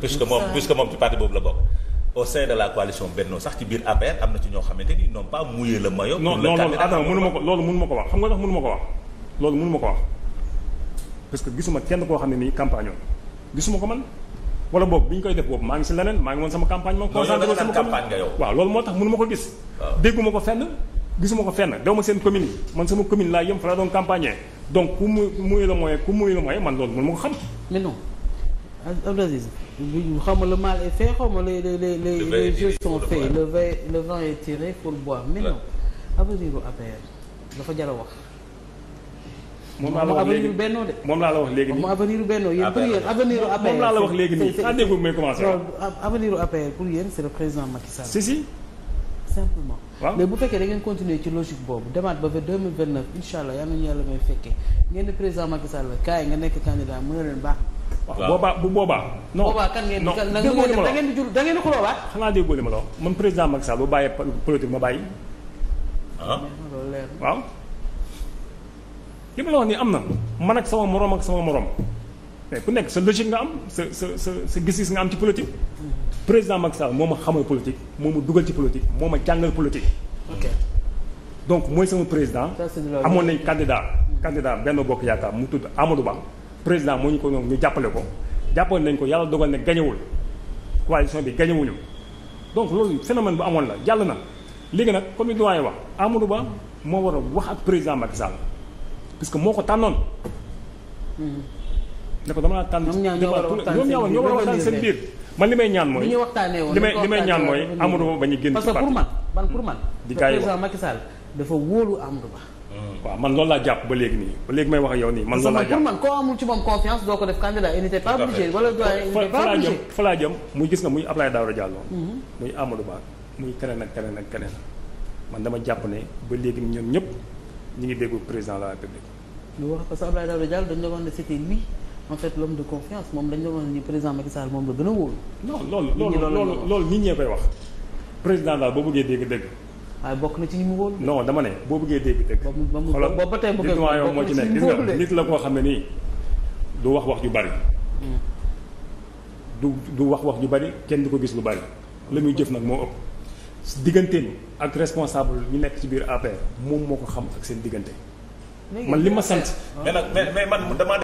puisque moom puisque moom ci parti boobu la bokk. au sein de la coalition Benno sax ci biir APR am na ci ñoo xam koo xam ne nii campagne woon gisuma ko man wala boobu bi ñu koy def boobu maa ngi si leneen maa ngi woon sama campagne. moom concentré sama loolu moo ko gis. dégguma ko fenn gisuma ko fenn dew ma sama commune laa yëm fa la doon campagne ko xam. Ah, Abdou Aziz xaw ma le mal est fait xaw ma les les le vin le vin est tiré pour boire mais non avenir u dafa jar a wax. moom laa la wax léegi moom bennoo de. moom laa la wax léegi nii moom u APR moom laa la wax léegi nii ah dégg may commencé. non avenir u pour yéen c'est le président Macky Sall. si si. simplement. waaw mais bu fekkee da continuer ci logique boobu demaat ba ba deux mille vingt neuf incha allah yal nga nekk candidat mu ne baax. waaw boobaa bu boobaa. non boobaa kan ngeen da ngeen di jur da ngeen di xuloowaat. xanaa déggoo li ma la wax man président Macky bu bàyyee politique ma bàyyi. ah waaw. li ma la wax nii am na man ak sama moroom ak sama moroom mais ku nekk sa logique nga am sa sa sa sa gis-gis nga am ci politique. président Macky moo ma xamal politique moo ma dugal ci politique moo ma jàngal politique. ok donc mooy sama président. amoon nañ candidat candidat benn bokk yaakaar mu tudd Amadou Ba. président moo ñu ko noonu ñu jàppale ko jàppale nañ ko yàlla dogal ne gañewul coalition bi gañewuñu donc loolu phénomène bu amoon la jàll na léegi nag comme ni doyen wax Amadou Ba moo war a wax ak président Macky Sall parce que moo ko tànnoon. ne ko dama la tànn. ñoom ñoo war a waxtaan seen biir man li may ñaan mooy. li may li may ñaan mooy Amadou Ba ba ñu génn. ci parti parce que pour man man man. di président Macky dafa wóolu Amadou Ba. Mm. waaw man loolu laa jàpp ba léegi nii ba léegi may wax ak yow nii. man loolu laa jàpp pour man koo amul ci moom confiance doo ko def candidat il n'était pas obligé wala fa jëm fa laa jëm muy gis nga muy Abdoulaye Daouda Diallo. Mm-hmm. muy Amadou Ba muy keneen ak keneen ak keneen man dama jàpp ne ba léegi ñoom ñëpp ñu ngi déglu président de la République. lu wax parce que Abdoulaye Daouda Diallo dañu la wax ne c'était lui en fait l'homme de confiance moom dañu la wax ne président Macky Sall moom la gën a wóolu. non loolu loolu loolu nit ñee koy wax président daal boo bëggee dégg dégg waaye bokk na ci ñi mu wóolu. non dama ne boo bëggee dégg dëgg. ba mu ba ba tey bëggee xoolal moo ci nekk gis nga nit la koo xam ne nii du wax wax ju bari. Mm. du du wax wax ju bari kenn du ko gis lu bari. la muy jëf nag moo ëpp. digganteem ak responsable ñu nekk ci biir APR moom moo ko xam ak seen diggante. man li ma sant. Ah. mais nag mais mais man dama.